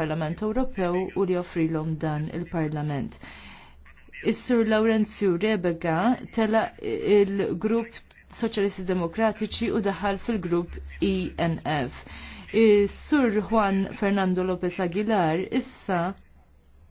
parlament Ewropew u li offrilhom dan il-Parlament. Is-Sur Laurenzio Rebega tela il-grupp Soċjalisti Demokratiċi u daħal fil-grupp ENF. Is-Sur Juan Fernando Lopez Aguilar issa